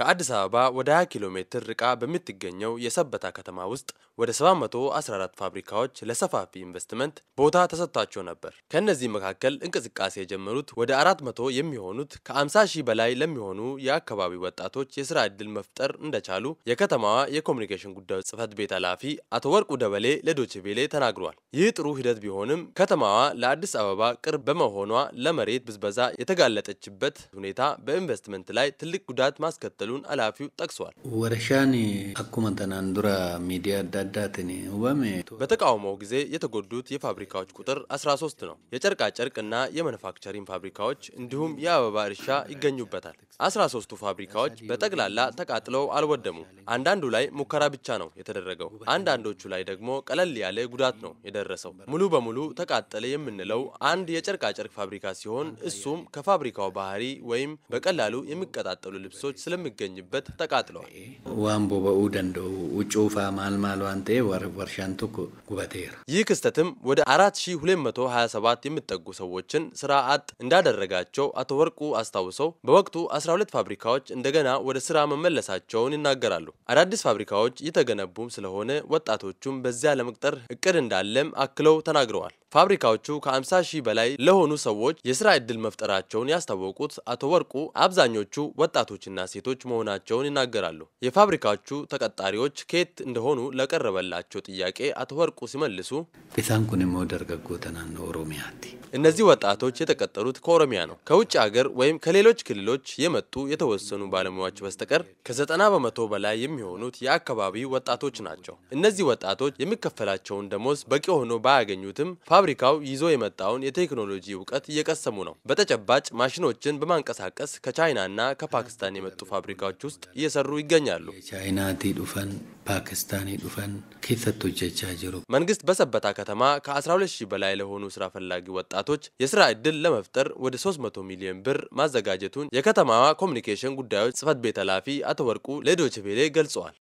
ከአዲስ አበባ ወደ 20 ኪሎ ሜትር ርቃ በምትገኘው የሰበታ ከተማ ውስጥ ወደ 714 ፋብሪካዎች ለሰፋፊ ኢንቨስትመንት ቦታ ተሰጥቷቸው ነበር። ከእነዚህ መካከል እንቅስቃሴ የጀመሩት ወደ 400 የሚሆኑት ከ50 ሺህ በላይ ለሚሆኑ የአካባቢ ወጣቶች የስራ ዕድል መፍጠር እንደቻሉ የከተማዋ የኮሚኒኬሽን ጉዳዮች ጽህፈት ቤት ኃላፊ አቶ ወርቁ ደበሌ ለዶችቬሌ ተናግሯል። ይህ ጥሩ ሂደት ቢሆንም ከተማዋ ለአዲስ አበባ ቅርብ በመሆኗ ለመሬት ብዝበዛ የተጋለጠችበት ሁኔታ በኢንቨስትመንት ላይ ትልቅ ጉዳት ማስከተሉ መቀጠሉን ኃላፊው ጠቅሷል። ወረሻን አኩመ ዱራ ሚዲያ አዳዳትን ውበሜ በተቃውሞው ጊዜ የተጎዱት የፋብሪካዎች ቁጥር 13 ነው። የጨርቃጨርቅ እና የመኑፋክቸሪንግ ፋብሪካዎች እንዲሁም የአበባ እርሻ ይገኙበታል። 13ቱ ፋብሪካዎች በጠቅላላ ተቃጥለው አልወደሙም። አንዳንዱ ላይ ሙከራ ብቻ ነው የተደረገው። አንዳንዶቹ ላይ ደግሞ ቀለል ያለ ጉዳት ነው የደረሰው። ሙሉ በሙሉ ተቃጠለ የምንለው አንድ የጨርቃጨርቅ ፋብሪካ ሲሆን እሱም ከፋብሪካው ባህሪ ወይም በቀላሉ የሚቀጣጠሉ ልብሶች ስለሚ በሚገኝበት ተቃጥለዋል። ዋንቦ በኡ ደንደው ውጩፋ ማልማል ዋንቴ ወርሻን ቶኮ ይህ ክስተትም ወደ 4227 የሚጠጉ ሰዎችን ስራ አጥ እንዳደረጋቸው አቶ ወርቁ አስታውሰው በወቅቱ 12 ፋብሪካዎች እንደገና ወደ ስራ መመለሳቸውን ይናገራሉ። አዳዲስ ፋብሪካዎች እየተገነቡም ስለሆነ ወጣቶቹም በዚያ ለመቅጠር እቅድ እንዳለም አክለው ተናግረዋል። ፋብሪካዎቹ ከ50 ሺህ በላይ ለሆኑ ሰዎች የስራ ዕድል መፍጠራቸውን ያስታወቁት አቶ ወርቁ አብዛኞቹ ወጣቶችና ሴቶች መሆናቸውን ይናገራሉ። የፋብሪካዎቹ ተቀጣሪዎች ከየት እንደሆኑ ለቀረበላቸው ጥያቄ አቶ ወርቁ ሲመልሱ ኢሳን ኩን ሞ ደርገጎ ኦሮሚያቲ እነዚህ ወጣቶች የተቀጠሩት ከኦሮሚያ ነው። ከውጭ ሀገር ወይም ከሌሎች ክልሎች የመጡ የተወሰኑ ባለሙያዎች በስተቀር ከዘጠና በመቶ በላይ የሚሆኑት የአካባቢ ወጣቶች ናቸው። እነዚህ ወጣቶች የሚከፈላቸውን ደሞዝ በቂ ሆኖ ባያገኙትም ፋብሪካው ይዞ የመጣውን የቴክኖሎጂ እውቀት እየቀሰሙ ነው። በተጨባጭ ማሽኖችን በማንቀሳቀስ ከቻይናና ከፓኪስታን የመጡ ፋብሪካዎች ውስጥ እየሰሩ ይገኛሉ። ቻይና ዱፈን ፓኪስታን ዱፈን መንግስት በሰበታ ከተማ ከ12 ሺህ በላይ ለሆኑ ስራ ፈላጊ ወጣ ወጣቶች የስራ እድል ለመፍጠር ወደ 300 ሚሊዮን ብር ማዘጋጀቱን የከተማዋ ኮሚኒኬሽን ጉዳዮች ጽህፈት ቤት ኃላፊ አቶ ወርቁ ለዶችቬሌ ገልጸዋል።